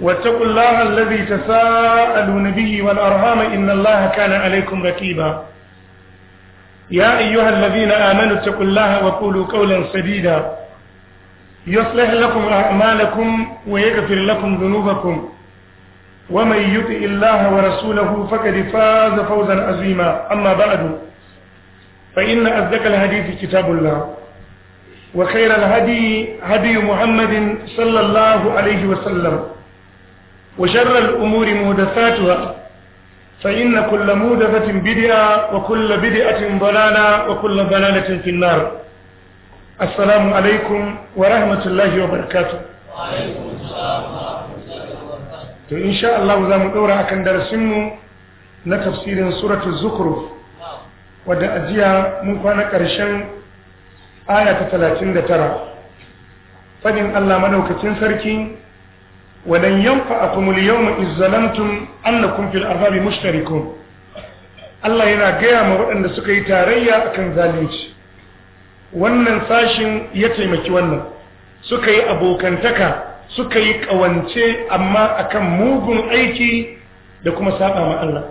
واتقوا الله الذي تساءلون به والأرهام إن الله كان عليكم ركيبا يا أيها الذين آمنوا اتقوا الله وقولوا قولا سديدا يصلح لكم أعمالكم ويغفر لكم ذنوبكم ومن يطع الله ورسوله فقد فاز فوزا عظيما أما بعد فإن أصدق الحديث كتاب الله وخير الهدي هدي محمد صلى الله عليه وسلم وشر الأمور مهدفاتها فإن كل مهدفة بدعة وكل بدعة ضلالة وكل ضلالة في النار السلام عليكم ورحمة الله وبركاته وعليكم السلام ورحمة الله وبركاته إن شاء الله ذا مدورة أكن درسمه نتفسير سورة الزخرف wadda ajiya mun kwana ƙarshen aya ta 39 fadin Allah madaukakin sarki ولن ينفعكم اليوم إذ ظلمتم أنكم في الأرباب مشتركون Allah yana gaya ma waɗanda suka yi tarayya akan zalunci wannan sashin ya taimaki wannan suka yi abokantaka suka yi ƙawance amma akan mugun aiki da kuma saba ma Allah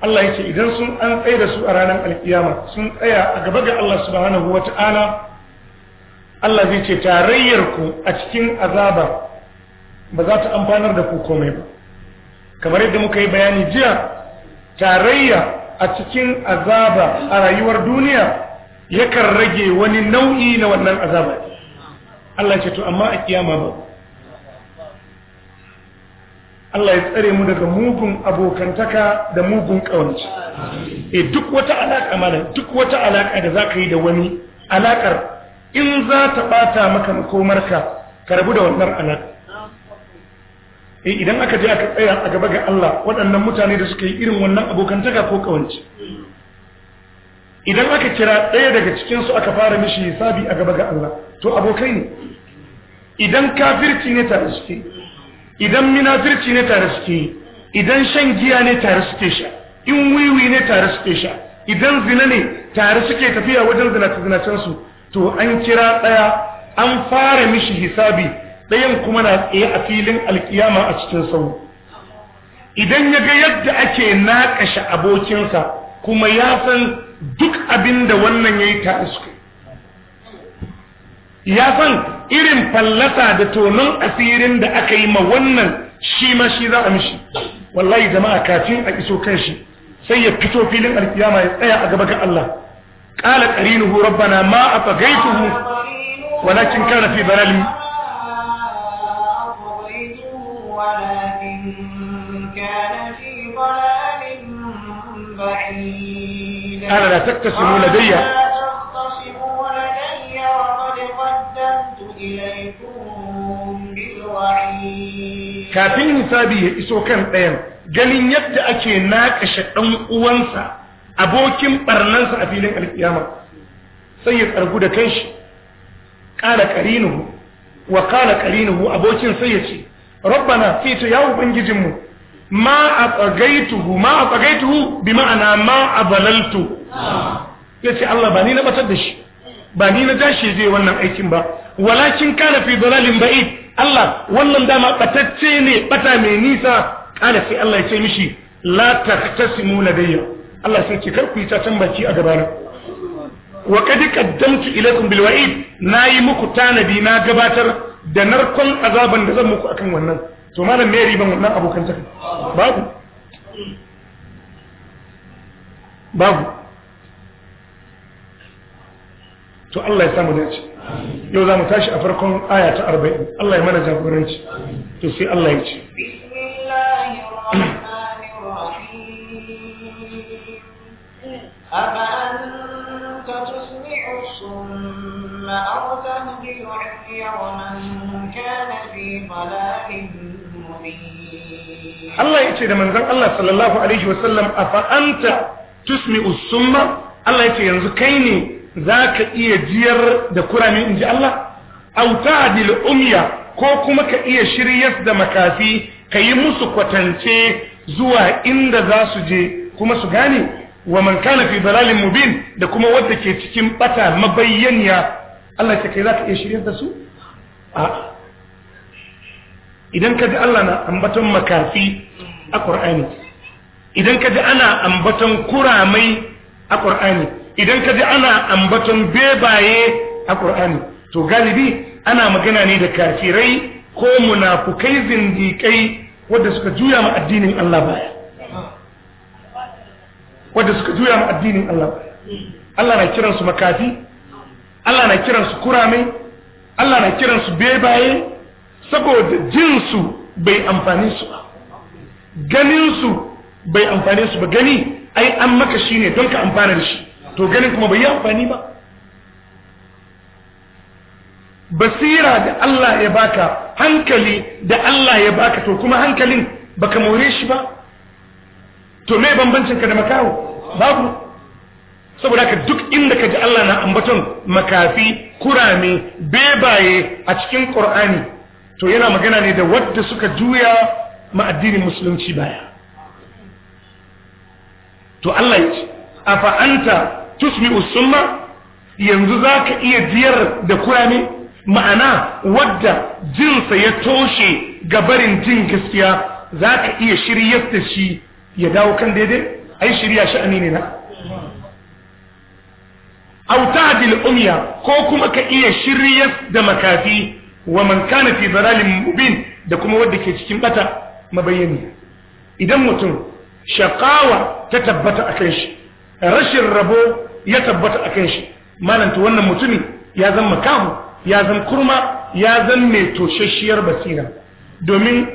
Allah ya ce idan sun an tsaye da su a ranar alkiyama sun tsaya a gaba ga Allah subhanahu wata'ala Allah zai ce tarayyarku a cikin azaba ba za ta amfanar da ku komai ba kamar yadda muka yi bayani jiya tarayya a cikin azaba a rayuwar duniya yakan rage wani nau'i na wannan azaba Allah ce to amma a kiyama ba Allah ya tsare mu daga mugun abokantaka da mugun ƙawanci e eh, duk wata alaƙa mana duk wata alaƙa da za ka yi da wani alaƙar in za ta ɓata maka makomarka ka rabu da wannan alaƙa Eh, idan aka je aka tsaya a gaba ga Allah waɗannan mutane da suka yi irin wannan abokantaka ko kawance idan aka kira ɗaya daga cikinsu aka fara mishi hisabi a gaba ga Allah to abokai ne idan kafirci ne tare suke idan minafirci ne tare suke idan shan giya ne tare suke sha in wiwi ne tare suke sha idan zina ne tare suke tafiya wajen zinace-zinacensu to an kira ɗaya an fara mishi hisabi ɗayan kuma na tsaye a filin alkiyama a cikin sau idan ya ga yadda ake naƙashe abokinsa kuma ya san duk abin da wannan ya yi tare ya san irin fallasa da tonon asirin da aka yi ma wannan shi ma shi za a mishi wallahi jama'a kafin a iso kan shi sai ya fito filin alkiyama ya tsaya a gaba ga Allah qala qarinuhu rabbana ma afaghaituhu walakin kana fi dalalin ولكن كان في ضلال بعيد أنا لا تقتسموا لدي لا تقتسموا لدي وقد قدمت ɗayan ganin yadda ake naƙashe ɗan uwansa abokin ɓarnansa a filin alkiyama sai ya tsargu da kanshi ƙala ƙarinuhu wa ƙala ƙarinuhu abokin sai ya ce rabbana fito ya ubangijinmu ma a tsagaituhu ma a tsagaituhu bi ma'ana ma a balaltu ya ce Allah ba ni na batar da shi ba ni na dashi wannan aikin ba walakin kana fi dalalin ba'id Allah wannan dama batacce ne bata mai nisa kana sai Allah ya ce mishi la tahtasimu ladayya Allah sai ce kar ku yi ta tambaci a gabana wa qad qaddamtu ilaykum bil wa'id nayi muku tanadi na gabatar da narkon azaban da zan muku akan wannan to malam me riban wannan abokan taka babu babu to Allah ya samu dace yau za mu tashi a farkon aya ta 40 Allah ya mana jagoranci to sai Allah ya ce أفأنت تسمع الصم أرسل بالوحي ومن كان في ضلال Allah ya ce da manzan Allah sallallahu Alaihi wasallam a fa’anta tusmi usumma, Allah ya ce yanzu kai ne za ka iya jiyar da kurami in ji Allah, auta adil umya ko kuma ka iya shiryas da makafi ka yi musu kwatance zuwa inda za su je kuma su gane wa man kana fi zalalin mubin da kuma wadda ke cikin ɓata mabayyaniya Allah ta kai za ka iya shiryar da su a idan ka ji Allah na ambaton makafi a ƙur'ani idan ka ji ana ambaton kuramai a ƙur'ani idan ka ji ana ambaton bebaye a ƙur'ani to galibi ana magana ne da kafirai ko munafukai zindikai wadda suka juya ma addinin Allah baya wadda suka juya ma addinin Allah baya Allah na kiransu makafi Allah na kiransu kurame Allah na kiransu bebaye saboda jinsu bai amfani su ba ganinsu bai amfani su ba gani ai an maka shi ne don ka amfana da shi to ganin kuma bai yi amfani ba basira da Allah ya baka hankali da Allah ya baka to kuma hankalin baka more shi ba to me bambancin ka da makaho babu saboda ka duk inda ka ji Allah na ambaton makafi kurame bebaye a cikin Qur'ani to yana magana ne da wadda suka juya ma musulunci baya to Allah ya ce afa anta tusmi'u summa yanzu zaka iya jiyar da kurame ma'ana wadda jinsa ya toshe gabarin jin gaskiya zaka iya shiryar da shi ya dawo kan daidai ai shirya sha'ani ne na aw tahdil ko kuma ka iya shiryar da makafi wa man kana fi dalalin mubin da kuma wanda ke cikin bata mabayyani idan mutum shaqawa ta tabbata akan shi rashin rabo ya tabbata akan shi malan wannan mutumi ya zan kahu ya zan kurma ya zan mai toshashiyar basira domin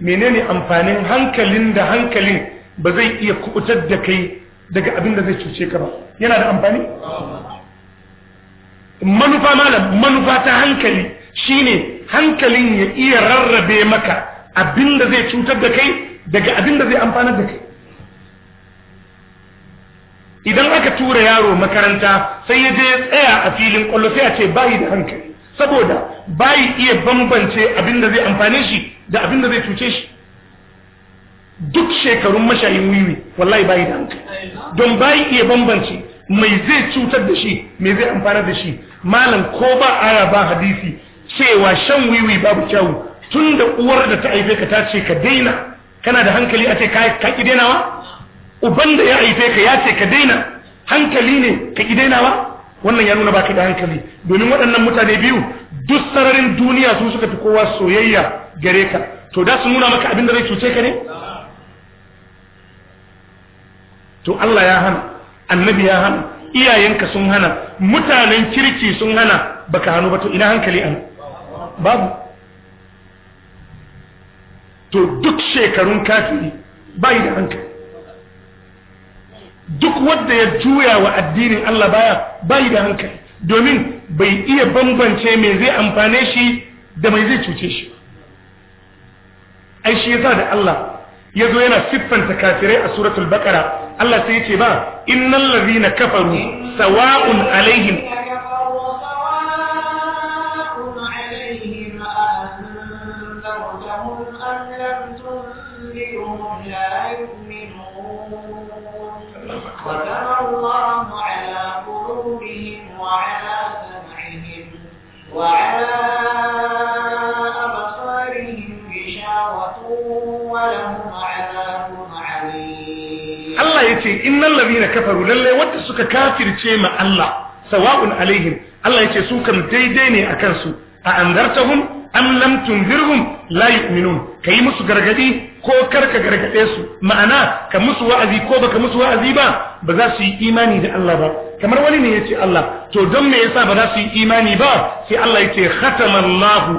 menene amfanin hankalin da hankalin ba zai iya kubutar da kai daga abin da zai cuce ka ba yana da amfani manufa malam manufa ta hankali shine hankalin ya iya rarrabe maka abinda zai cutar da kai daga abinda zai amfanar da kai idan aka tura yaro makaranta sai ya je tsaya a filin kwallo sai a ce bayi da hankali saboda bayi iya bambance abinda zai amfane shi da abinda zai cuce shi duk shekarun mashayin wiwi wallahi bayi da hankali don bayi iya bambance mai zai cutar da shi mai zai amfanar da shi malam ko ba aya ba hadisi cewa shan wiwi babu kyau tun da uwar da ta aife ka ta ce ka daina kana da hankali a ce ka ki dainawa uban da ya aife ka ya ce ka daina hankali ne ka ki dainawa wannan ya nuna ba ka da hankali domin waɗannan mutane biyu duk sararin duniya su suka fi kowa soyayya gare ka to da su nuna maka abin da zai cuce ka ne to Allah ya hana annabi ya hana iyayenka sun hana mutanen kirki sun hana baka hannu ba to ina hankali an babu to duk shekarun kafiri bai da hankali duk wanda ya juya wa addinin Allah baya bai da hankali domin bai iya bambance me zai amfane shi da mai zai cuce shi ai shi yasa da Allah yazo yana siffanta kafirai a suratul baqara Allah sai ce ba innal ladhina kafaru sawa'un alaihim الله على قلوبهم وعلى سمعهم وعلى أبصارهم بشاوة ولهم Allah ya ce na ladina kafaru lalle wanda suka kafirce ma Allah sawa'un alaihim Allah ya ce su kan daidai ne a kansu a andartahum am lam tunzirhum la yu'minun kai musu gargadi ko karka gargade su ma'ana ka musu wa'azi ko baka musu wa'azi ba ba za su yi imani da Allah ba kamar wani ne yace Allah to don me yasa ba za su yi imani ba sai Allah ce khatamallahu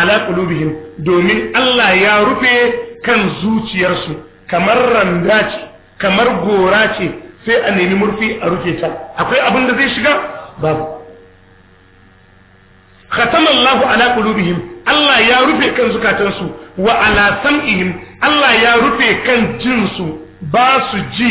ala qulubihim domin Allah ya rufe kan zuciyarsu kamar randa ce kamar gora ce sai a nemi murfi a rufe ta akwai abin da zai shiga babu khatamallahu ala qulubihim Allah ya rufe kan zukatansu wa ala sam'ihim Allah ya rufe kan jinsu ba su ji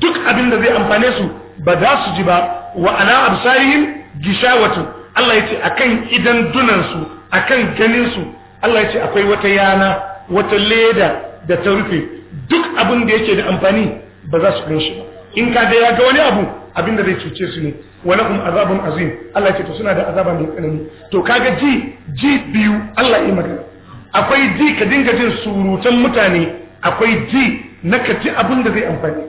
duk abin da zai amfane su ba za su ji ba wa ala absarihim gishawatu Allah yace akan idan su akan ganin su Allah yace akwai wata yana wata leda da ta rufe duk abin da yake da amfani ba za su kunshi ba in ka da ya ga wani abu abin da zai cuce su ne wani kuma azabun azim Allah ce to suna da azaba mai tsanani to kaga ji ji biyu Allah ya magana akwai ji ka dinga jin surutan mutane akwai ji na ka ji abin da zai amfani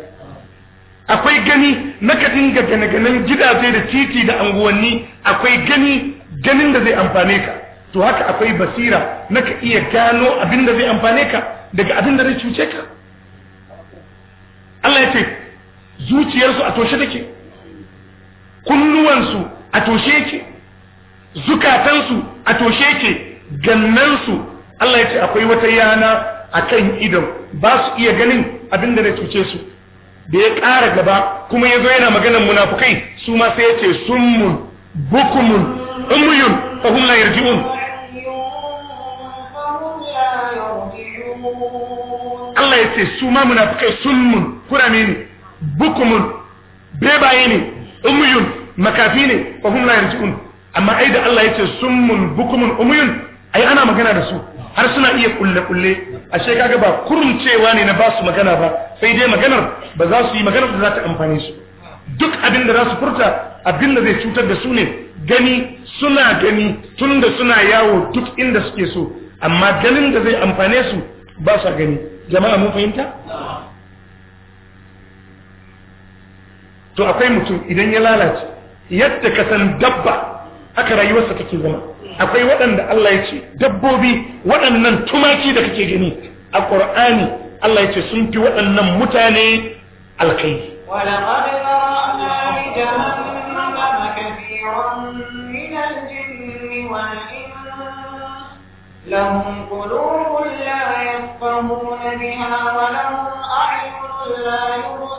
akwai gani na ka dinga gane-ganen gidaje da titi da anguwanni akwai gani ganin da zai amfane ka to haka akwai basira na ka iya gano abin da zai amfane ka daga abin da zai cuce ka Allah ya ce zuciyarsu a toshe take kunnuwansu a toshe yake zukatansu a toshe yake gannansu Allah ya ce akwai wata yana a kan idan ba su iya ganin abin da na cuce su da ya ƙara gaba kuma ya zo yana maganan munafukai su ma sai ya ce summun bukumun umuyun fahun layar ji'un Allah ya ce su ma munafukai mun. kurame ne bukumun bebaye ne umuyun makafi ne fa hum la yarji'un amma ai da Allah yace summun bukumun umuyun ayi ana magana da su har suna iya kulle kulle ashe kaga ba cewa ne na ba su magana ba sai dai maganar ba za su yi maganar da za ta amfane su duk abin da za su furta abin da zai cutar da su ne gani suna gani tun da suna yawo duk inda suke so amma ganin da zai amfane su ba sa gani jama'a mun fahimta to akwai mutum idan ya lalace yadda ka san dabba aka rayuwarsa take zama akwai waɗanda Allah ya ce dabbobi waɗannan tumaki da kake gani a qur'ani Allah ya ce sun fi waɗannan mutane alkai لهم قلوب لا يفقهون بها ولهم أعين لا يبصرون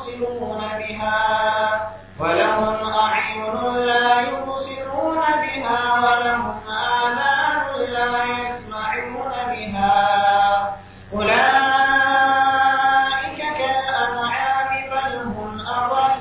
بها ولهم أعين لا يبصرون بها ولهم آذان لا يسمعون بها أولئك كالأنعام بل هم أضل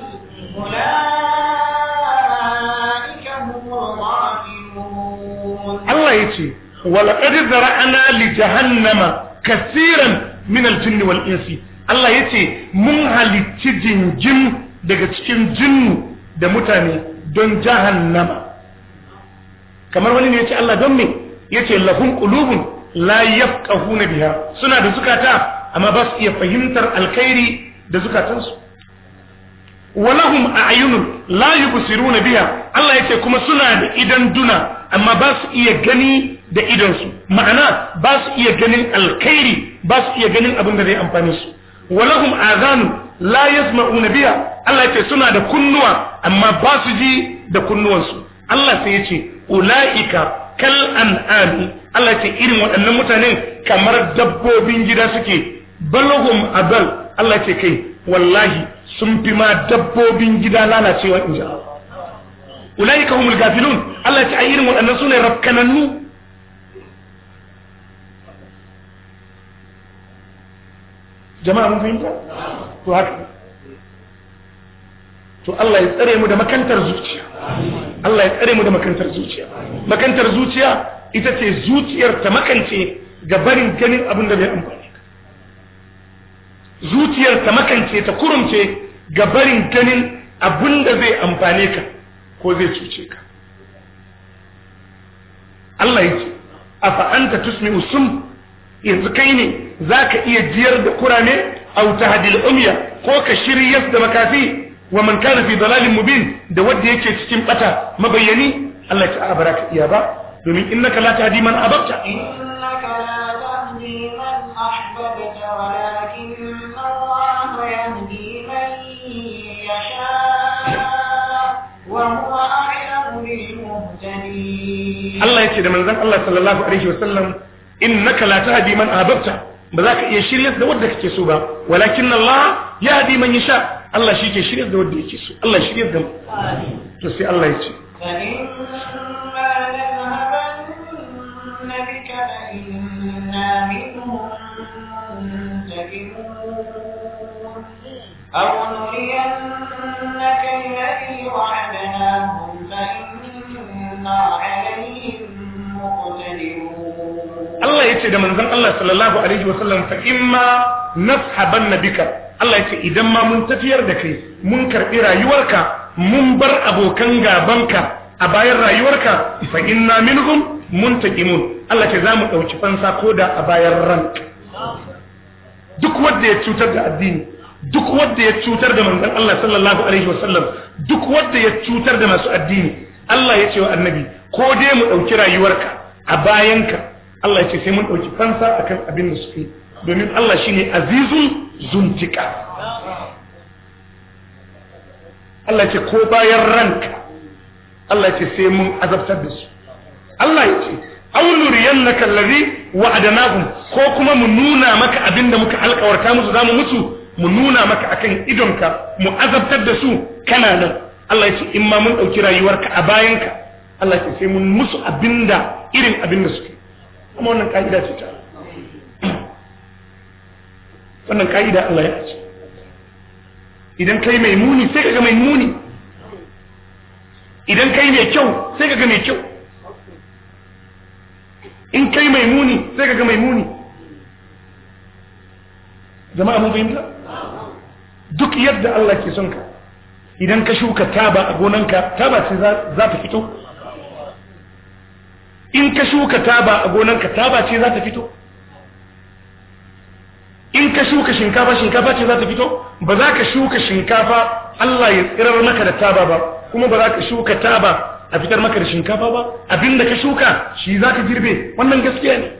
أولئك هم الظالمون الله يجي ولقد ذرأنا لجهنم كثيرا من الجن والإنس Allah ya ce mun halicci jingin daga cikin jinnu da mutane don jahannama kamar wani ne ya ce Allah don me ya ce lahun ƙulubun la na biya suna da zukata amma ba su iya fahimtar alkhairi da zukatansu walahum a'yunun la na biya Allah ya ce kuma suna da idan duna amma ba su iya gani da idansu ma'ana ba su iya ganin alkhairi ba su iya ganin abin da zai amfani su walahum azanu la yasma'una biha Allah yace suna da kunnuwa amma ba su ji da kunnuwansu Allah sai yace ulaika kal an'ami Allah yace irin waɗannan mutanen kamar dabbobin gida suke balahum abal Allah yace kai wallahi sun fi ma dabbobin gida lalacewa in ji Allah ulaika humul gafilun Allah a ai irin waɗannan sune rafkanannu jama'a mun fahimta to haka to Allah ya tsare mu da makantar zuciya Allah ya tsare mu da makantar zuciya makantar zuciya ita ce zuciyar ta makance ga barin ganin abin da bai amfani zuciyar ta makance ta kurumce ga barin ganin abin da zai amfane ka ko zai cuce ka Allah yake afa anta tusmi'u sum yanzu kai ne za ka iya jiyar da kurame wuta tahdil umya ko ka shiryas da makafi wa man kana fi dalalin mubin da wanda yake cikin bata mabayyani Allah ya ta'ala baraka iya ba domin innaka la tahdi man ababta innaka la tahdi man ahbabta walakin Allah yahdi man yasha wa huwa a'lamu bil muhtadin Allah yake da manzon Allah sallallahu alaihi wasallam innaka la tahdi man ahbabta ba za ka iya shiryar da wanda kake so ba walakin Allah ya hadi man yasha Allah shi ke shiryar da wanda yake so Allah shiryar da mu to sai Allah ya ce أو نرينك الذي وعدناهم فإنا عليهم مقتدرون Allah ya ce da manzan Allah sallallahu alaihi wa wasallam fa imma nashaban nabika Allah ya ce idan ma mun tafiyar da kai mun karbi rayuwarka mun bar abokan gabanka a bayan rayuwarka fa inna minhum muntaqimun Allah ce zamu dauki fansa koda a bayan ran. duk wanda ya cutar da addini duk wanda ya cutar da manzon Allah sallallahu alaihi wa sallam duk wanda ya cutar da masu addini Allah ya ce wa annabi ko dai mu dauki rayuwarka a bayan ka. Allah ya ce sai mun ɗauki fansa akan abin da suke domin Allah shi ne azizun zuntika Allah ya ce ko bayan ranka Allah ya ce sai mun azabtar da su Allah ya ce auluri yannaka allazi wa'adanahum ko kuma mu nuna maka abin da muka alƙawarta musu za mu mutu mu nuna maka akan idonka mu azabtar da su kana nan Allah ya ce in ma mun ɗauki rayuwarka a bayanka Allah ya ce sai mun musu abinda irin abinda suke kuma wannan ka'ida ce ta wannan ka'ida Allah ya ce idan kai mai muni sai kaga mai muni idan kai mai kyau sai kaga mai kyau in kai mai muni sai kaga mai muni jama'a mun fahimta duk yadda Allah ke son ka idan ka shuka taba a gonanka taba ce za ta fito in ka shuka taba a ka taba ce za ta fito in ka shuka shinkafa shinkafa ce za ta fito ba za ka shuka shinkafa Allah ya tsirar maka da taba ba kuma ba za ka shuka taba a fitar maka da shinkafa ba abinda ka shuka shi za ka girbe wannan gaskiya ne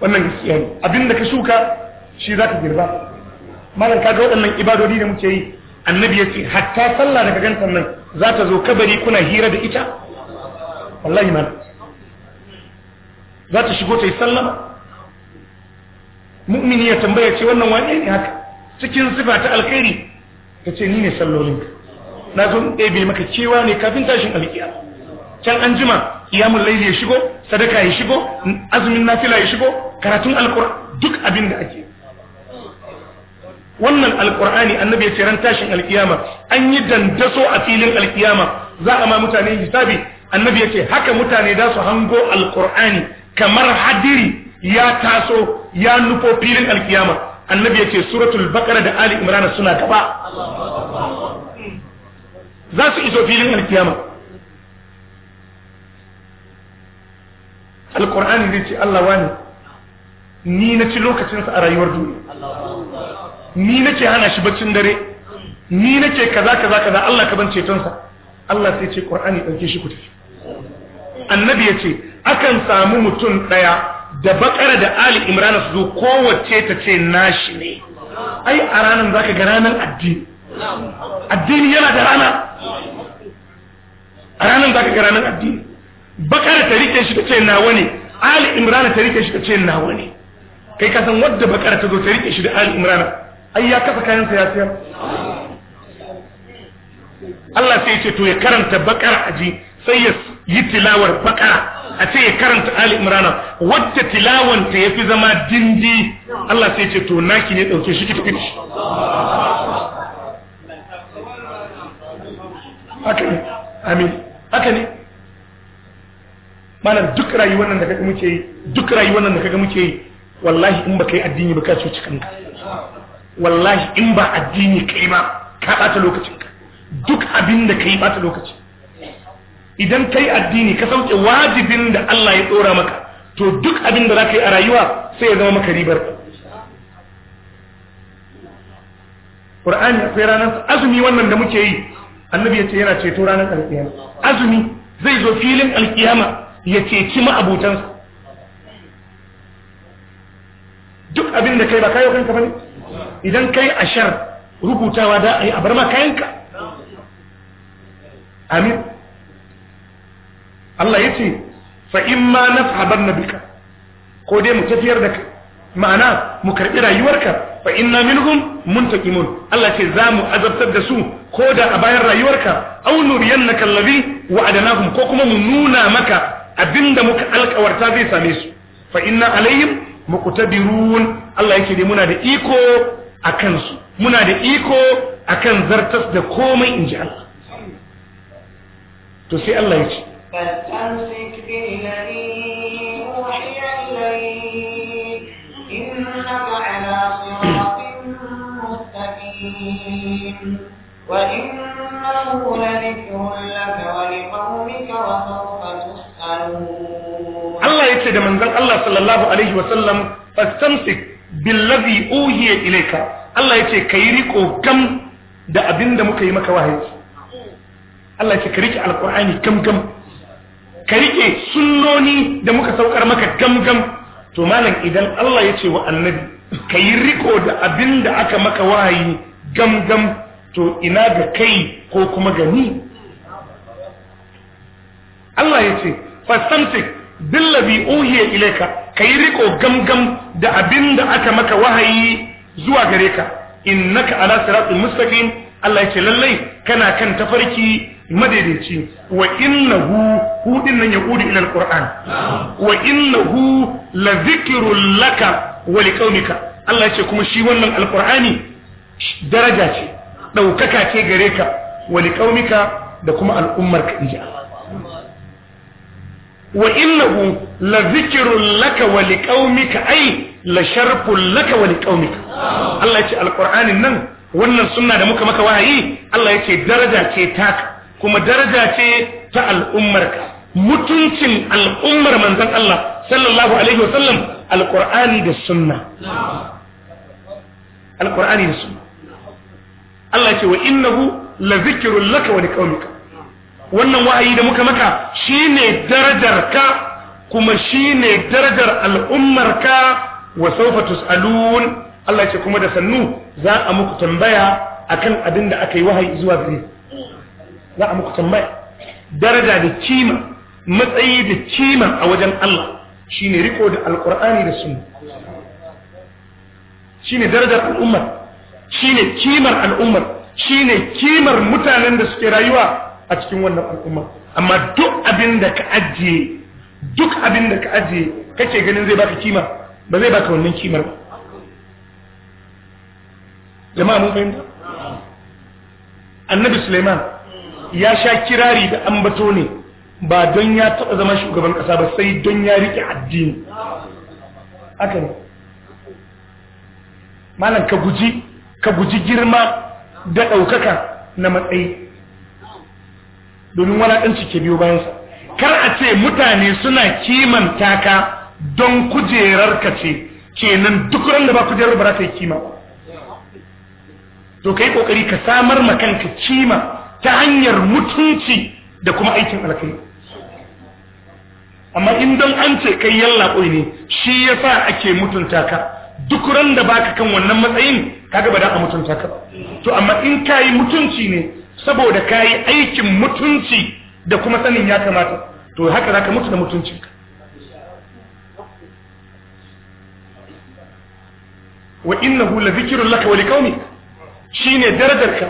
wannan gaskiya ne abinda ka shuka shi za ka girba malam kaga waɗannan ibadodi da muke yi annabi ya ce hatta sallah daga gantan nan za ta zo kabari kuna hira da ita wallahi ma za ta shigo ta yi sallama mu'mini ya tambaya ce wannan wane ne haka cikin sifa ta alkhairi ta ce ni ne sallolin na zo ɗebe maka cewa ne kafin tashin alkiya can an jima iyamun laili ya shigo sadaka ya shigo azumin nafila ya shigo karatun alkur duk abin da ake wannan alkur'ani annabi ya ce ran tashin alkiyama an yi dandaso a filin alkiyama za a ma mutane hisabi annabi ya ce haka mutane za su hango alkur'ani kamar hadiri ya taso ya nufo filin alkiyama annabi ya ce suratul baqara da ali imrana suna gaba za su iso filin alkiyama alkur'ani zai ce Allah wani ni na ci lokacinsa a rayuwar duniya ni nake hana shi baccin dare ni nake kaza kaza kaza Allah ka ban cetonsa Allah sai ce Qur'ani dauke shi ku tafi annabi yace akan samu mutum daya da bakara da Ali Imran su zo kowace ta ce nashi ne ai a ranan zaka ga ranan addini addini yana da rana a ranan zaka ga ranan addini bakara ta rike shi ta ce nawa ne Ali Imran ta rike shi ta ce nawa ne kai ka san wadda bakara ta zo ta rike shi da Ali Imran ai ya kafa kayan sa ya sayar Allah sai ya ce to ya karanta bakara aji sai ya yi tilawar bakara a ce ya karanta Ali Imrana wacce tilawan ta yafi zama dindi Allah sai ya ce to naki ne dauke shi ki tafi haka ne amin haka ne malam duk rayuwar nan da kaga muke yi duk rayuwar nan da kaga muke yi wallahi in baka yi addini ba ka cuci kanka wallahi in ba addini kai ba ka bata lokacinka duk abin da kai bata lokaci idan kai addini ka sauke wajibin da Allah ya dora maka to duk abin da zaka yi a rayuwa sai ya zama maka ribar Qur'ani akwai ranar azumi wannan da muke yi annabi ya ce yana ceto ranar alkiyama azumi zai zo filin alkiyama ya ceci ma'abutansa duk abin da kai ba kayo kanka bane idan kai shar rubutawa da a yi abar makayanka amin Allah ya ce fa'in ma na sahabar na duka ko dai mu tafiyar da ma'ana mu karɓi rayuwarka fa'in na milhun mun mun. Allah ce za mu azabtar da su ko da a bayan rayuwarka aunur yanna kallabi wa adanahum ko kuma mu nuna maka abinda muka alkawarta zai same su fa'in na alayhim muqtadirun Allah yake dai muna da iko akan su muna da iko akan zartas da komai inji Allah to sai Allah yake فاستمسك Allah ya ce da manzon Allah sallallahu alaihi wasallam fastamsik billazi uhiya ilaika. Allah ya ce ka yi riko gam da abin da muka yi maka wahayi Allah ya ce ka rike alqur'ani gam gam ka rike sunnoni da muka saukar maka gam gam to malam idan Allah ya ce wa annabi ka yi riko da abin da aka maka wahayi gam gam to ina ga kai ko kuma gani? Allah ya ce fastamsik billabi uhiya ilaika kai riko gamgam da abinda aka maka wahayi zuwa gare ka innaka ala siratin mustaqim Allah yake lallai kana kan tafarki madaidaici wa innahu hu din nan yaqulu ila alquran wa innahu la dhikrul laka wa liqaumika Allah yake kuma shi wannan alqurani daraja ce daukaka ce gare ka wa liqaumika da kuma al'ummarka inji Allah wa innahu la zikrun laka wa liqaumika ai la sharfun laka wa liqaumika Allah ya ce alqur'anin nan wannan sunna da muka maka wahayi Allah ya ce daraja ce taka kuma daraja ce ta al'ummarka mutuncin al'ummar manzon Allah sallallahu alaihi wa sallam alqur'ani da sunna Allah ya ce wa la laka wannan wahayi da muka maka shine darajar ka kuma shine darajar al'ummar ka wa sawfa tusalun Allah ce kuma da sannu za a muku tambaya akan abin da aka yi wahayi zuwa gare za a muku tambaya daraja da kima matsayi da kima a wajen Allah shine riko da alqur'ani da sunna shine darajar al'ummar shine kimar al'ummar shine kimar mutanen da suke rayuwa a cikin wannan al'umma amma duk abin da ka ajiye duk abin da ka ajiye kake ganin zai baka kima ba zai baka wannan kimar ba jama'a mun fahimta annabi suleiman ya sha kirari da ambato ne ba don ya taɓa zama shugaban ƙasa ba sai don ya riƙe addini haka ne malam ka guji ka guji girma da ɗaukaka na matsayi domin walaƙanci ke biyu bayansa kar a ce mutane suna kimanta ka don kujerar ka ce kenan duk ran da ba kujerar ba za ta yi kima to kai kokari ka samar ma kanka kima ta hanyar mutunci da kuma aikin alkai amma in don an ce kai yalla ne shi yasa ake mutunta ka duk ran da baka kan wannan matsayin kaga ba da ka mutunta ka to amma in kai mutunci ne saboda kayi aikin mutunci da kuma sanin ya kamata to haka zaka mutu da mutuncinka wa hula la dhikrun laka wa Shi shine darajarka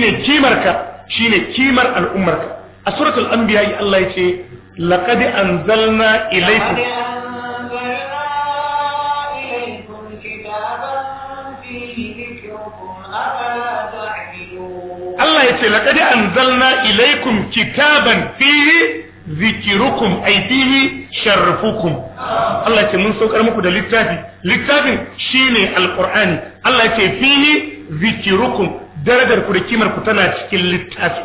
ne kimarka shine kimar al'ummarka a suratul anbiya Allah yace an anzalna ilaykum Allah ya ce laqad anzalna ilaikum kitaban firi zikirukum ay fihi sharfukum Allah ya ce mun saukar muku da littafi littafin shine Alƙur'ani. Allah ya ce fihi zikirukum darajar ku da kimar ku tana cikin littafi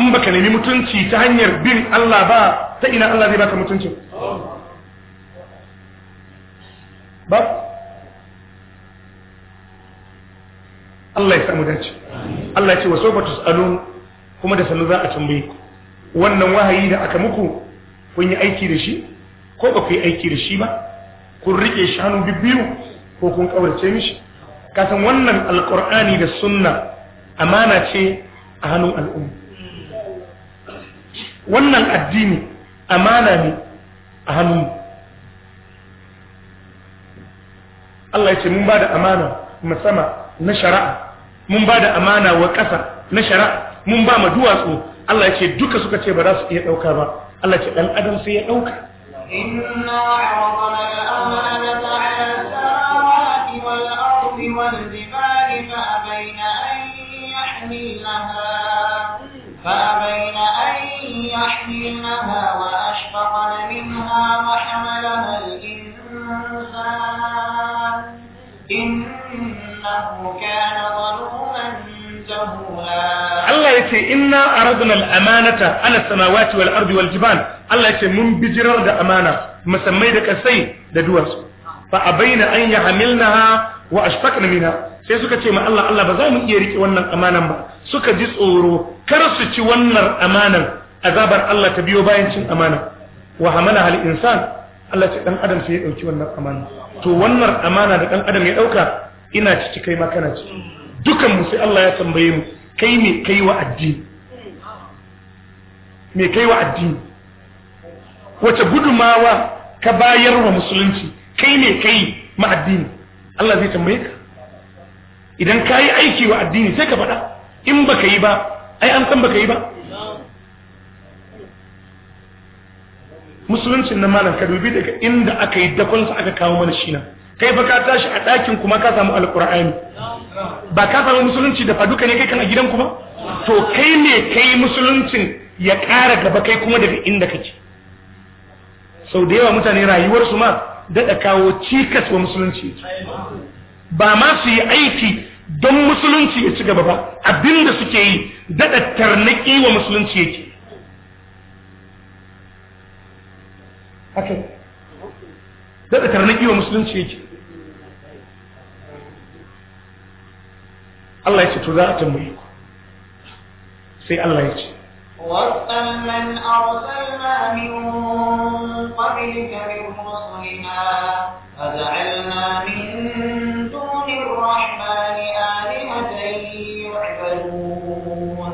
in baka nemi mutunci ta hanyar bin Allah ba ta ina Allah zai baka mutuncin ba Allah ya samu dace Allah ya ce wa sawfa tusalun kuma da sanu za a tambaye ku wannan wahayi da aka muku kun yi aiki da shi ko ba ku yi aiki da shi ba kun rike shi hannu bibbiyu ko kun kaurace mishi kasan wannan alqur'ani da sunna amana ce a hannun al'umma wannan addini amana ne a hannun Allah ya ce mun ba da amana musamman. na shari'a mun ba da amana wa ƙasa na shari'a mun ba ma duwatsu Allah ya ce duka suka ce ba za su iya ɗauka ba Allah ce ɗan adam sai ya ɗauka فأبين أن يحملنها وأشفقن منها وحملها Allah ya ce inna a al-amanata ala samawati wal ardi wal jibal Allah ya ce mun bijirar da amana musammai da kasai da duwarsu a abaina an yahmilnaha wa ashfaqna minha sai suka ce ma Allah Allah ba za mu iya rike wannan amanan ba suka ji tsoro kar su ci wannan amanan azabar Allah ta biyo bayan cin amana wa hamala hal insan Allah ce dan adam sai ya ɗauki wannan amana to wannan amana da dan adam ya ɗauka. ina ciki kai ma kana ciki dukan mu sai Allah ya tambaye mu kai me kai wa addini me kai wa addini wace gudumawa ka bayar wa musulunci kai me kai ma addini Allah zai tambaye ka idan ka aiki wa addini sai ka faɗa in baka yi ba ai an san baka yi ba musuluncin na malam ka dubi daga inda aka yi dakonsa aka kawo mana shi na. kai fa ka tashi a ɗakin kuma ka samu alƙur'ani? ba ka samu musulunci da faduka ne kai kan gidan gidanku ba to kai ne kai musuluncin ya ƙara gaba kai kuma daga inda kake sau da yawa mutane rayuwarsu ma daɗa kawo cikas wa musulunci ba ma su yi aiki don musulunci ya ci gaba ba abinda suke yi daɗa tarnaƙi wa musulunci yake daɗa tarnaki wa musulunci yake Allah ya ce to za a tambayi ku sai Allah ya ce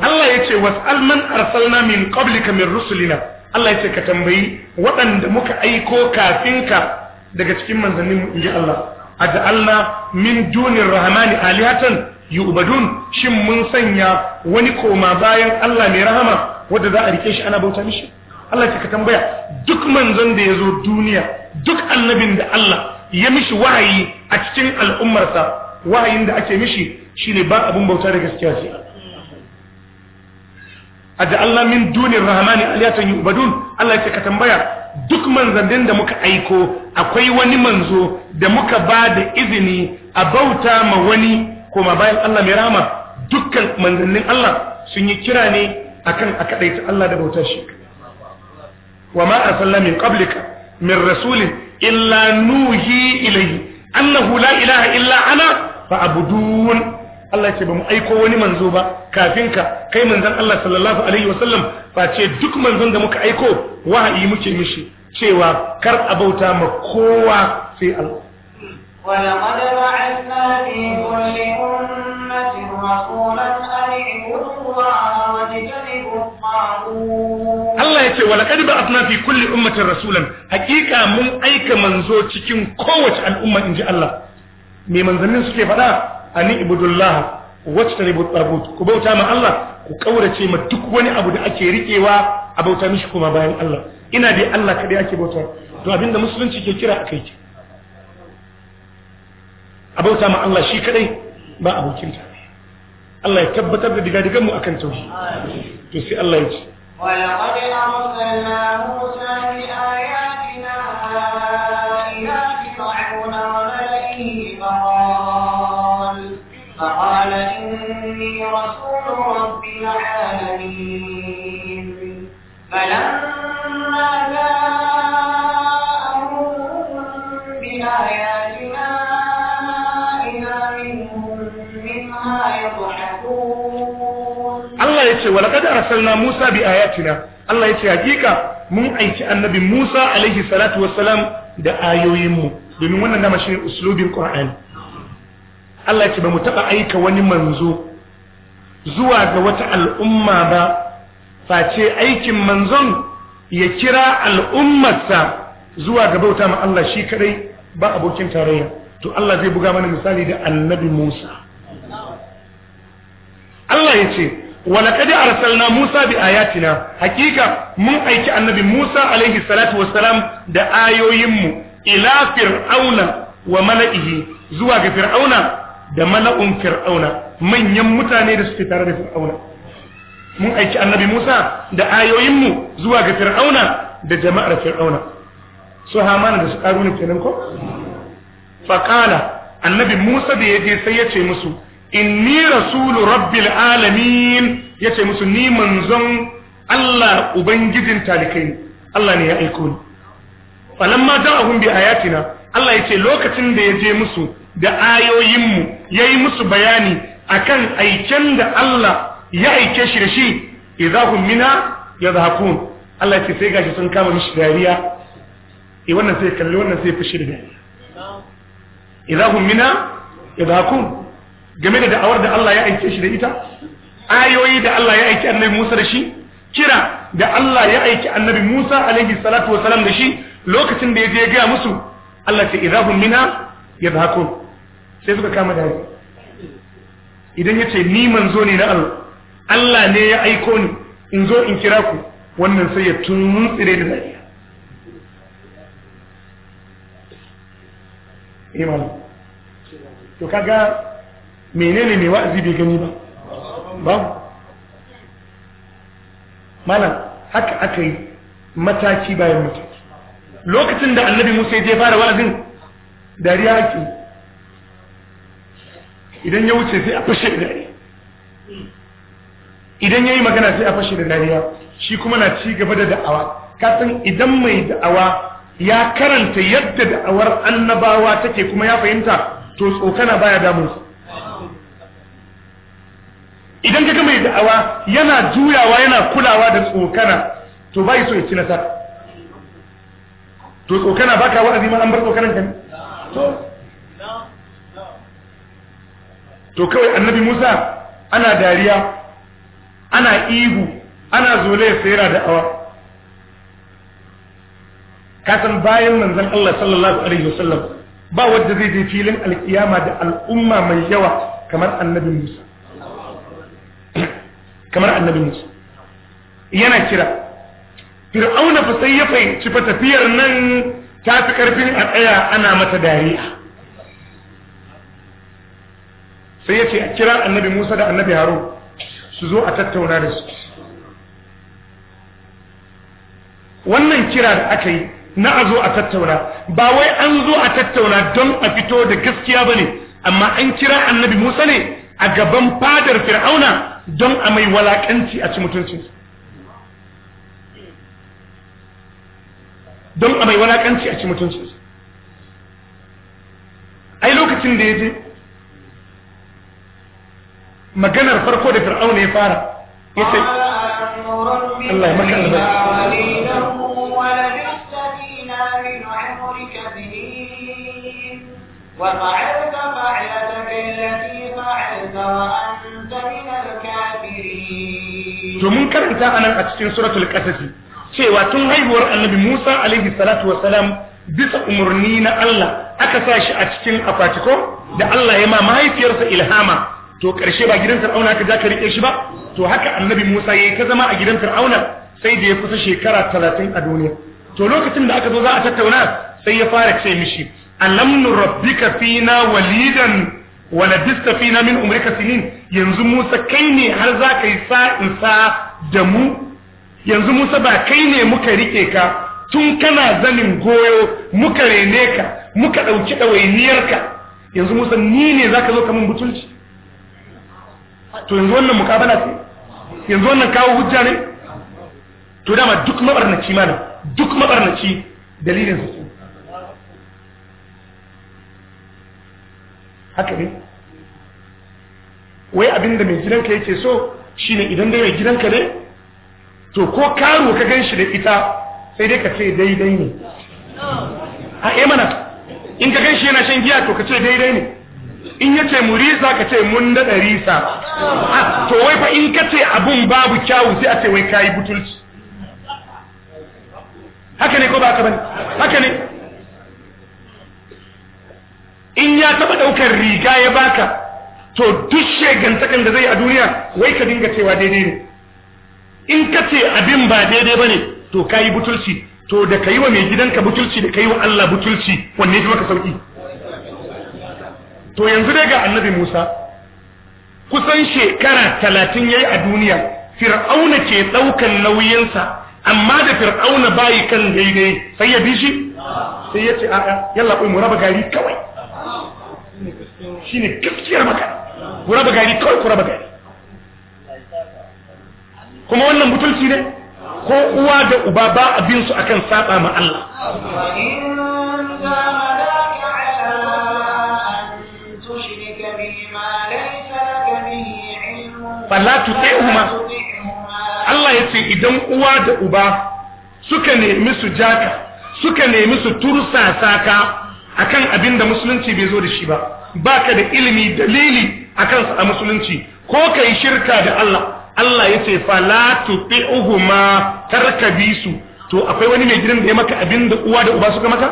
Allah ya ce was'al man arsalna min qablika min rusulina Allah ya ce ka tambayi waɗanda muka aiko kafinka daga cikin manzannin inji Allah aj'alna min dunir rahmani alihatan yu'badun shin mun sanya wani koma bayan Allah mai rahama wanda za a rike shi ana bauta mishi Allah ka tambaya duk manzon da yazo duniya duk annabin da Allah ya mishi wahayi a cikin al'ummarsa wahayin da ake mishi shine ba abun bauta da gaskiya ce Allah min dunir rahmani aliyatan yu'badun Allah ka tambaya duk manzannin da muka aiko akwai wani manzo da muka ba da izini a bauta ma wani koma bayan Allah mai rama dukkan manzannin Allah sun yi kira ne akan a kaɗaita Allah da bautar shi wa ma arsalna min qablika min rasulin illa nuhi ilayhi annahu la ilaha illa ana fa'budun Allah ce ba mu aiko wani manzo ba kafin ka kai manzon Allah sallallahu alaihi wasallam ce duk manzon da muka aiko wahayi muke mishi cewa kar a bauta ma kowa sai Allah ولقد بعثنا في كل أمة رسولا أن اعبدوا الله واجتنبوا الطاغوت Allah ya ce wa laqad ba'athna fi kulli ummatin rasulan hakika mun aika manzo cikin kowace al'umma in ji Allah me manzannin suke faɗa ani ibudullah wajtanibu tagut ku bauta ma Allah ku kaurace ma duk wani abu da ake rikewa a bauta mishi kuma bayan Allah ina dai Allah kaɗai ake bauta to abinda musulunci ke kira akai abauta ma Allah shi kadai ba abokin ta Allah ya tabbatar da digadigan mu akan tauhi to sai Allah ya ce ولقد أرسلنا موسى بآياتنا إلى فرعون وملئه فقال فقال إني رسول رب العالمين فلما جاءهم بآياتنا ce wa laqad arsalna Musa bi ayatina Allah yace hakika mun aiki annabi Musa alaihi salatu wassalam da ayoyin mu domin wannan dama shine uslubin Qur'ani Allah yace ba mu taba aika wani manzo zuwa ga wata al'umma ba face aikin manzon ya kira al'ummarsa zuwa ga bauta ma Allah shi kadai ba abokin tarayya to Allah zai buga mana misali da annabi Musa Allah yace Wani ka je Musa bi'a ya hakika mun aiki annabi Musa alaihi salatu wa salam da ayoyinmu ila fir'auna wa mala'ihi zuwa ga fir'auna da mala'un fir'auna manyan mutane da suke tare da fir'auna. Mun aiki annabi Musa da ayoyinmu zuwa ga fir'auna da jama'a fir'auna. Su Hama ni da su ƙaru kenan ko? Faƙala annabi Musa da ya ke sai ya ce musu. inni rasulu rabbil alamin yace musu ni manzon Allah ubangijin talikai Allah ne ya aiko ni falamma ja'ahum bi ayatina Allah yace lokacin da yaje musu da ayoyin mu yayi musu bayani akan aiken da Allah ya aike shi da shi idahum mina yadhakun Allah yace sai gashi sun kama mishi dariya eh wannan sai kalli wannan sai fushi da idahum mina yadhakun game da da'awar da Allah ya aike shi da ita ayoyi da Allah ya aike annabi Musa da shi kira da Allah ya aike annabi Musa alaihi salatu wa salam da shi lokacin da ya je ga musu Allah ta idahum minha yadhaku sai suka kama da idan yace ni manzo ne na Allah Allah ne ya aiko ni in zo in kira ku wannan sai ya tuntsire da dariya iman to kaga menene mai wa'azi bai gani ba Ba? mana haka aka yi mataki bayan mataki lokacin da annabi musa ya fara wa'azin dariya ake idan ya wuce sai a fashe da dariya idan ya yi magana sai a fashe da dariya shi kuma na ci gaba da da'awa kasan idan mai da'awa ya karanta yadda da'awar annabawa take kuma ya fahimta to tsokana baya damunsa idan kaga mai da'awa yana juyawa yana kulawa da tsokana to ba yi so ya ci nasara to tsokana baka wa'azi ma an bar tsokanan ka to to kawai annabi Musa ana dariya ana ihu ana zole sayra da awa kasan bayan manzon Allah sallallahu alaihi wasallam ba wadda zai je filin alkiyama da al'umma mai yawa kamar annabi Musa kamar annabi Musa yana kira fir'auna fa sai ya fahimci fa tafiyar nan ta fi karfin a tsaya ana mata dariya sai ya ce a kira annabi Musa da annabi Harun su zo a tattauna da su wannan kira da aka yi na a zo a tattauna ba wai an zo a tattauna don a fito da gaskiya ba ne amma an kira annabi musa ne a gaban fadar fir'auna don a mai walakanci a ci mutuncinsa don a mai walakanci a ci mutuncinsa ai lokacin da ya je maganar farko da fir'auna ya fara ya ce Allah ya maka albarka وفعلت فعلتك التي فعلت وأنت من الكافرين تمون كرنتا أنا أتسين سورة القصص cewa tun haihuwar annabi Musa alaihi salatu wasalam bisa umarni na Allah aka sa shi a cikin afatiko da Allah ya ma mahaifiyarsa ilhama to karshe ba gidan Fir'auna za zaka rike shi ba to haka annabi Musa yayi ta zama a gidan Fir'auna sai da ya kusa shekara 30 a duniya to lokacin da aka zo za a tattauna sai ya fara ce mishi alam nurabbika fina walidan wala bista fina min umrika sinin yanzu Musa kai ne har za ka yi sa'insa da mu yanzu Musa ba kai ne muka rike ka tun kana zanin goyo muka rene ka muka ɗauki ɗawainiyarka yanzu Musa ni ne za ka zo kamun butulci to yanzu wannan mukabala ce yanzu wannan kawo hujja ne to dama duk mabarnaci mana duk mabarnaci dalilin su haka ne wai abinda mai gidanka yake so Shi ne idan dai mai gidanka ne to ko karo ka gan shi da ita sai dai ka ce daidai ne a e eh mana in ka gan shi yana shan giya to ka ce daidai ne in ya ce murisa ka ce mun daɗa risa to wai fa in ka ce abun babu kyawu sai a ce wai ka yi butulci haka ne ko ba ka bane haka ne in ya taɓa ɗaukar riga ya baka to duk shegantakan da zai a duniya wai ka dinga cewa daidai ne in ka ce abin ba daidai bane to kayi butulci to da yi wa mai gidanka butulci da kayi wa Allah butulci wanne ji maka sauki to yanzu dai ga annabi Musa kusan shekara talatin yayi a duniya fir'auna ke ɗaukan nauyinsa amma da fir'auna bai kan daidai sai ya bi shi sai ya ce a'a yalla mu raba gari kawai ne gaskiyar magana ku raba gari kawai ku raba gari kuma wannan mutunci ne ko uwa da uba ba abin su akan saba ma Allah fala tuti'huma Allah yace idan uwa da uba suka nemi su jaka suka nemi su tursa saka akan abin da musulunci bai zo da shi ba baka da ilimi dalili akan sa a musulunci ko kai shirka da Allah Allah yace fala tuti'uhuma tarkabisu to akwai wani mai gidan da ya maka abin da uwa da uba suka maka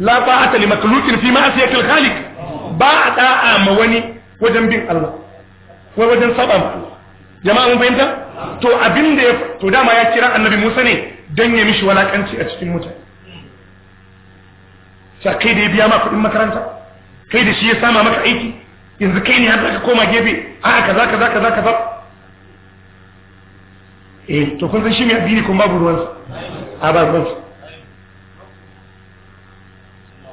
la ta'ata li makhluqin fi ma'siyati al-khaliq ba da'a ma wani wajen bin Allah ko wajen saba jama'a mun fahimta to abin da to dama ya kira annabi Musa ne don ya mishi walakanci a cikin mutane sa kai da ya biya ma kuɗin makaranta kai da shi ya sama maka aiki yanzu kai ne har zaka koma gefe a kaza kaza kaza kaza eh to kun san shi mai addini kun babu ruwansa a ba ruwansa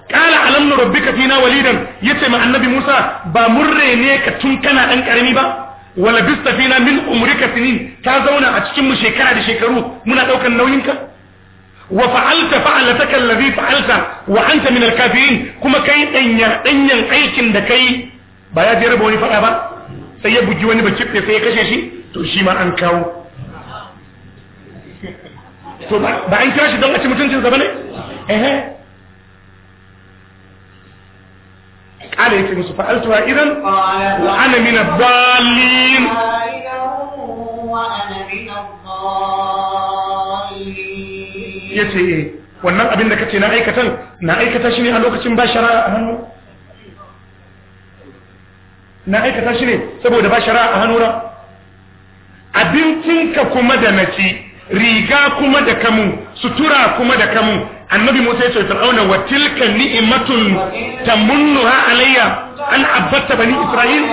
kala alam nu rabbika fina walidan yace ma annabi Musa ba murre ne ka tun kana dan karami ba wala bista min umrika sinin ka zauna a cikin mu shekara da shekaru muna daukan nauyinka wa fa'alta fa'alataka allazi fa'alta wa anta min al-kafirin kuma kai danya danyan aikin da kai ba ya jira wani fada ba sai ya wani bacci sai ya kashe shi to shi ma an kawo to ba an kira shi don a ci mutuncin sa bane eh قال يتي مسو فألتها إذا وأنا من الضالين yace eh wannan abin da kace na aikatan na aikata shi ne a lokacin ba shari'a a hannu na aikata shi ne saboda ba shari'a a hannu na abincinka kuma da naci riga kuma da kamu sutura kuma da kamu annabi Musa ya ce fir'auna wa tilka ni'matun tamunnuha alayya an abatta bani isra'il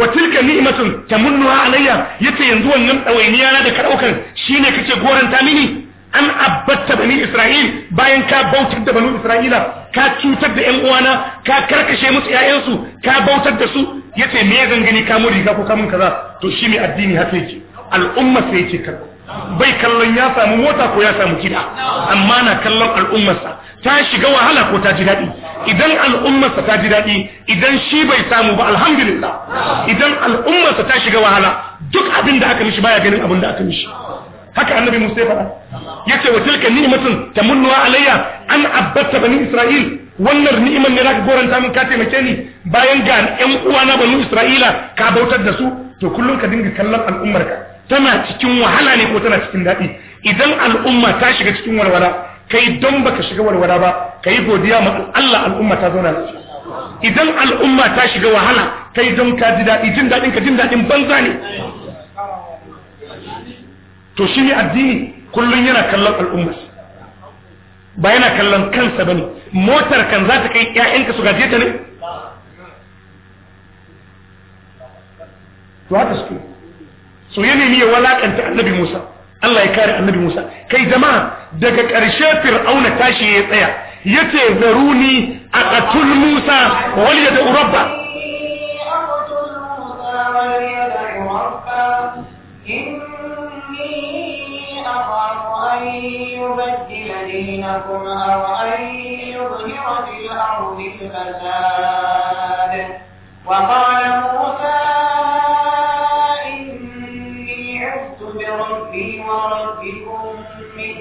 wa tilka ni'matun tamunnuha alayya yace yanzu wannan dawainiya na da karaukan shine kace goranta mini an abbatta bani isra'il bayan ka bautar da bani isra'ila ka cutar da ƴan uwana ka karkashe musu ƴaƴansu ka bautar da su yace me ya gani ka mu riga ko ka mun kaza to shi mai addini haka yake al'umma ya yake kallo bai kallon ya samu mota ko ya samu gida amma na kallon al'ummarsa ta shiga wahala ko ta ji daɗi idan al'ummarsa ta ji daɗi idan shi bai samu ba alhamdulillah idan al'ummarsa ta shiga wahala duk abin da aka mishi baya ganin abin da aka mishi haka annabi musa ya faɗa yace wa tilka ni'matun tamunnuha alayya an abbata bani isra'il wannan ni'imar ne zaka goranta min ka taimake ni bayan ga ƴan uwana bani isra'ila ka bautar da su to kullum ka dinga kallon al'ummarka tana cikin wahala ne ko tana cikin daɗi idan al'umma ta shiga cikin walwala kai don baka shiga walwala ba ka yi godiya ma Allah al'umma ta zauna idan al'umma ta shiga wahala kai don ka ji daɗi jin daɗin ka jin daɗin banza ne to shi ne addini kullum yana kallon al'umma ba yana kallon kansa ba ne motar kan za ta kai 'ya'yanka su gaje ta ne to haka suke so ya nemi ya walakanta annabi Musa Allah ya kare annabi Musa kai jama'a daga ƙarshe fir'auna tashi ya tsaya yace zaruni a aqatul Musa wal yadu rabba وقال موسى ربي وربكم من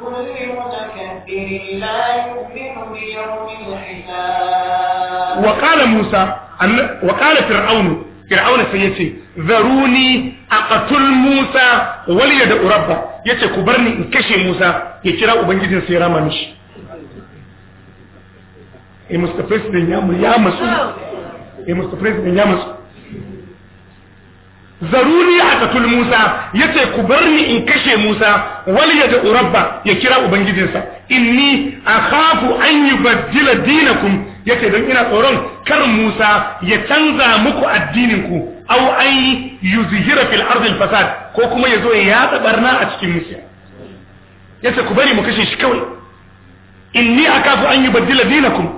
كل متكبر لا يؤمن بيوم الحساب وقال موسى وقال فرعون فرعون سيتي yace ku bar ni in kashe Musa ya kira ubangijin sai rama mishi eh Mr. President ya masu zaruri a katul Musa yace ku bar ni in kashe Musa wal yad'u rabba ya kira ubangijinsa inni akhafu an yi yubaddila dinakum ce don ina tsoron kar Musa ya canza muku addinin ku aw yu zihira fil ardi fasad ko kuma ya zo ya yatsa barna a cikin Musa Ya ce ku bari mu kashe shi kawai inni kafu an yi yubaddila dinakum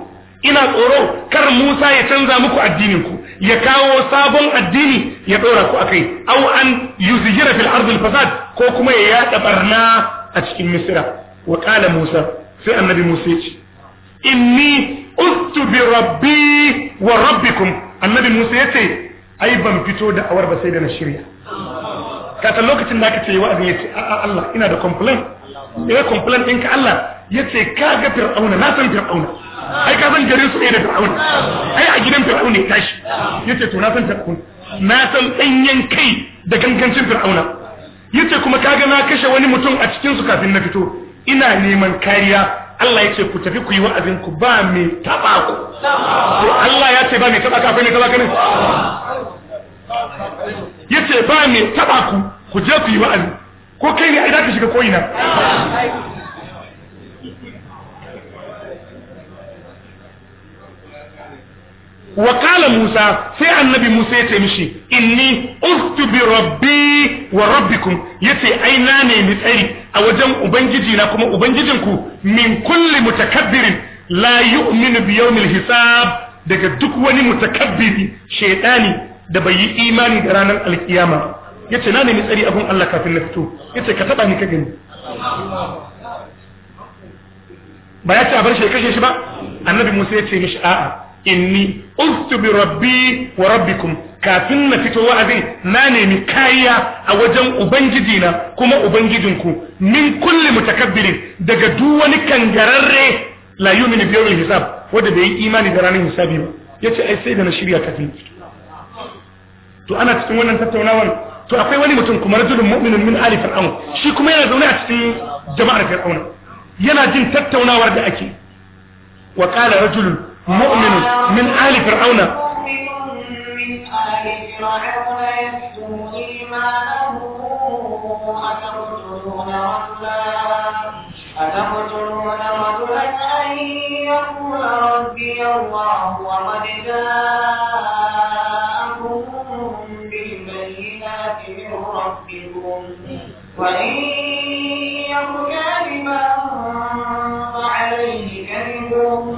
ina tsoro kar Musa ya canza muku addininku. ya kawo sabon addini ya dora ku akai aw an yuzhira fil ardi fasad ko kuma ya yaɗa barna a cikin misira. wa musa sai annabi musa ya ce inni ustu bi rabbi wa rabbikum annabi musa ya ce ai ban fito da awar ba sai da na shirya kata lokacin da aka ce wa'azin ya ce a'a Allah ina da complain ya eh, complain ɗinka Allah ya ce ka ga fir'auna na san fir'auna ai ka san garin su ne da fir'aun ai a gidan fir'aun ne tashi yace to na san fir'aun na san danyen kai da gangancin fir'auna yace kuma kaga na kashe wani mutum a cikin su kafin na fito ina neman kariya Allah ya ce ku tafi ku yi wa'azin ku ba mai taba ku to Allah ya ce ba mai taba ka akwai mai taba ka ne yace ba mai taba ku ku je ku yi wa'azi ko kai ne ai da ka shiga ko ina Wakala Musa sai annabi Musa ya ce mishi inni ustu bi rabbi wa rabbikum yace ai na ne mi tsari a wajen ubangiji na kuma ubangijinku min kulli mutakabbirin la yu'minu bi yawmil hisab daga duk wani mutakabbiri shaytani da bai yi imani da ranar alkiyama yace na ne mi tsari abun Allah kafin na fito yace ka taba ni ka gani ba ya ce a bar shi kashe shi ba annabi Musa ya ce mishi a'a inni ustu bi rabbi wa rabbikum kafin na fito wa'azin na nemi kariya a wajen ubangijina kuma ubangijinku min kulli mutakabbirin daga duk wani kangararre la yu'minu bi yawmil hisab wanda bai yi imani da ranar hisabi ba yace ai sai da na shirya tafi to ana cikin wannan tattaunawar to akwai wani mutum kuma rajulun mu'minun min ali fir'aun shi kuma yana zaune a cikin jama'ar fir'auna yana jin tattaunawar da ake wa qala rajulun مؤمن من آل فرعون أتقتلون رجلا أن يقول ربي الله وقد جاءكم بالبينات من ربكم وإن يك كاذبا فعليه كذبه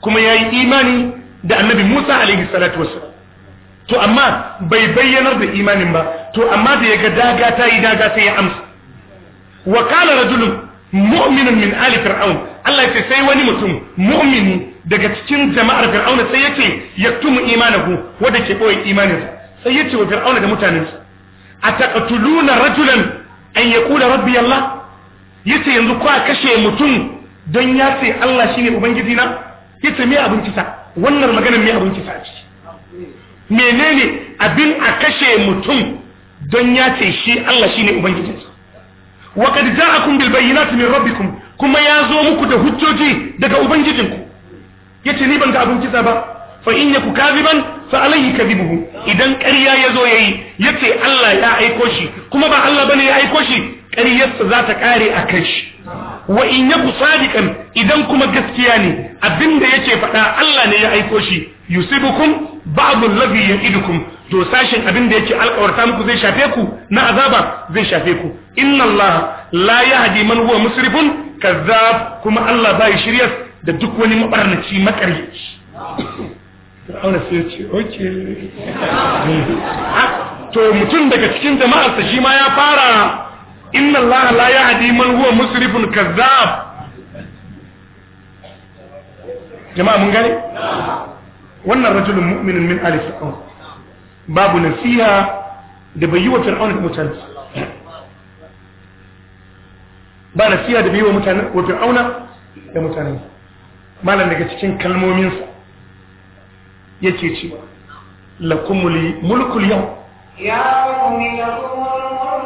kuma ya yi imani da annabi musa alaihi salatu wasu to amma bai bayyanar da imanin ba to amma da ya ga daga ta yi daga sai ya amsa wa kala rajulun mu'minun min ali fir'aun Allah ya sai wani mutum mu'mini daga cikin jama'ar fir'auna sai yake yaktumu imanahu wanda ke boye imaninsa sai yace wa fir'auna da mutanensa ataqtuluna rajulan an yaqula rabbi Allah yace yanzu ko a kashe mutum don ya ce Allah shine ubangiji na yace me abin wannan maganar me abin kisa ce menene abin a kashe mutum don ya ce shi Allah shine ubangijinsa wa qad ja'akum bil bayyinati min rabbikum kuma ya zo muku da hujjoji daga ubangijinku yace ni ban ga abin kisa ba fa in yaku kadiban fa alayhi kadibuhu idan ƙarya ya zo yayi yace Allah ya aiko shi kuma ba Allah bane ya aiko shi ƙaryarsa za ta kare a kai shi wa in yaku sadikan idan kuma gaskiya ne abinda yake faɗa Allah ne ya aiko shi yusibukum ba'dhu alladhi ya'idukum to sashin abinda yake alƙawarta muku zai shafe ku na azaba zai shafe ku inna Allah la yahdi man huwa musrifun kazzab kuma Allah bai shiryas da duk wani mabarnaci makari aure sai ce okay to mutum daga cikin jama'arsa shi ma ya fara inna allaha la yahdi man huwa musrifun kazzab jama'a mun gane wannan rajulun mu'minin min ali fir'aun babu nasiha da bai yi wa fir'aun da ba da bai yi wa mutane wa fir'auna da mutane malam daga cikin kalmominsa yake cewa lakumul mulkul yau ya qawmi lakumul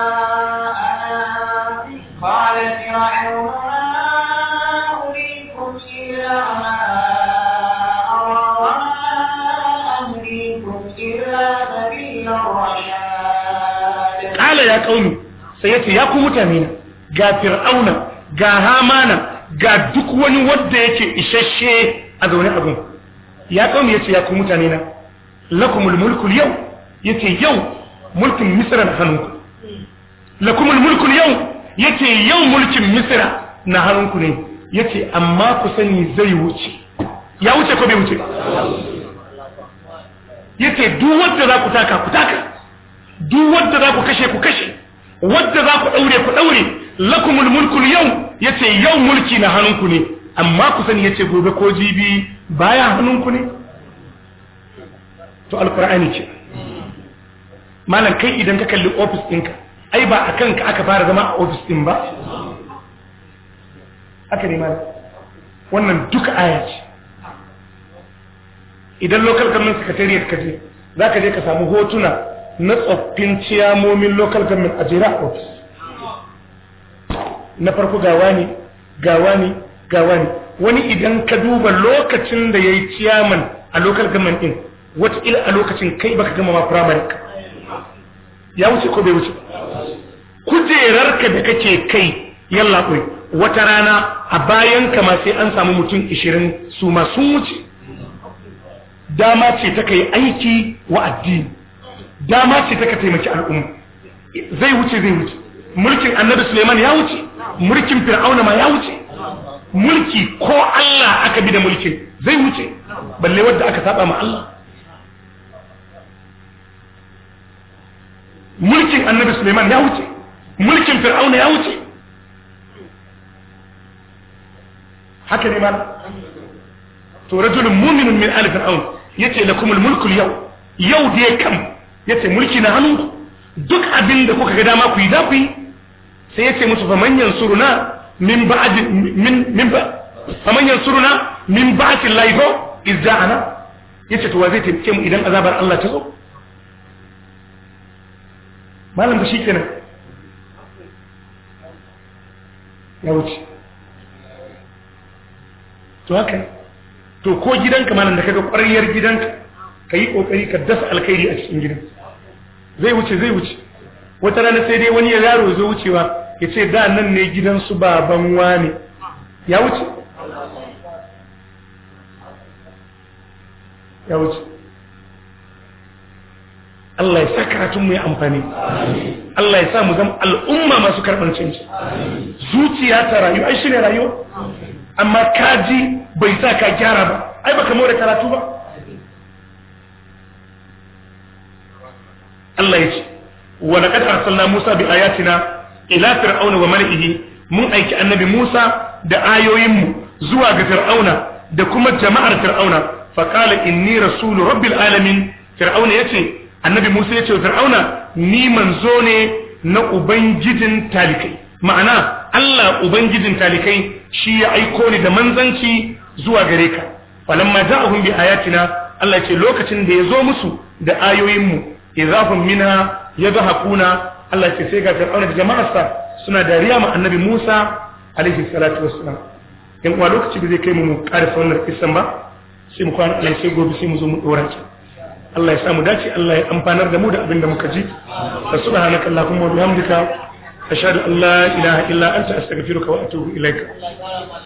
sai yace ya ku mutane na ga fir'auna ga hamana ga duk wani wanda yake isasshe a zaune a gun ya kawo yace ya ku mutane na lakumul mulku yau yace yau mulkin misira na hannunku lakumul mulku yau yace yau mulkin misira na hannunku ne yace amma ku sani zai wuce ya wuce ko bai wuce yace duk wanda za ku taka ku taka duk za ku kashe ku kashe wadda za ku daure ku daure lakumul mulkul yau yace yau mulki na hannunku ne amma ku sani yace gobe ko jibi baya hannunku ne to alqur'ani ce malam kai idan ka kalli office ɗinka ai ba a kanka aka fara zama a office ɗin ba aka ne malam wannan duka aya ce idan local government secretariat ka je za ka je ka samu hotuna na tsoffin ciyamomin local government a jira office na farko gawa ne gawa ne gawa ne wani idan ka duba lokacin da ya yi ciyaman a local government din wataƙila a lokacin kai baka gama ma firamare ka ya wuce ko bai wuce kujerarka da kake kai yalla kai wata rana a bayan kama sai an samu mutum 20 su ma sun wuce dama ce ta kai aiki wa addini dama ce ta ka taimaki al'umma zai wuce zai wuce mulkin annabi suleiman ya wuce mulkin fir'auna ma ya wuce mulki ko allah aka bi da mulki zai wuce balle wadda aka saba ma allah mulkin annabi suleiman ya wuce mulkin fir'auna ya wuce haka ne mana to rajulun muminun min ali fir'aun yace lakumul mulku yau yau dai kam ce mulki na hannunku duk abin da kuka ga dama ku yi za ku yi sai musu fa manyan suruna min ba'd min min ba fa manyan suruna min ba'd Allah ko izza'ana yace to wa zai taimake mu idan azabar Allah ta zo malam ba shikenan ya wuce to haka to ko gidanka malam da kaga ƙwarriyar gidanka ka yi ƙoƙari ka dasa alkhairi a cikin gidan zai wuce zai wuce wata rana sai dai wani ya yaro ya zo wucewa ya ce da nan ne gidan su baban wane ya wuce ya wuce Allah ya sa karatun mu ya amfani Allah ya sa mu zama al'umma masu karɓar canji zuciya ta rayu ai shi ne rayuwa amma kaji bai sa ka gyara ba ai baka more karatu ba Allah ya ce wa laqad arsalna Musa bi ayatina ila fir'auna wa mala'ihi mun aiki annabi Musa da ayoyin mu zuwa ga fir'auna da kuma jama'ar fir'auna fa qala inni rasulu rabbil alamin fir'auna yace annabi Musa yace fir'auna ni manzo ne na ubangijin talikai ma'ana Allah ubangijin talikai shi ya aiko ni da manzanci zuwa gare ka falamma ja'ahum bi ayatina Allah ce lokacin da ya zo musu da ayoyinmu idhafun minha yadhakuna Allah ya ce sai ga fir'auna da jama'arsa suna dariya ma annabi Musa alaihi salatu wassalam in kuma lokaci bai zai kai mu karfa wannan kisan ba sai mu kwana Allah sai gobe sai mu zo mu dora Allah ya sa mu dace Allah ya amfanar da mu da abin da muka ji subhanaka allahumma wa bihamdika ashhadu an la ilaha illa anta astaghfiruka wa atubu ilaika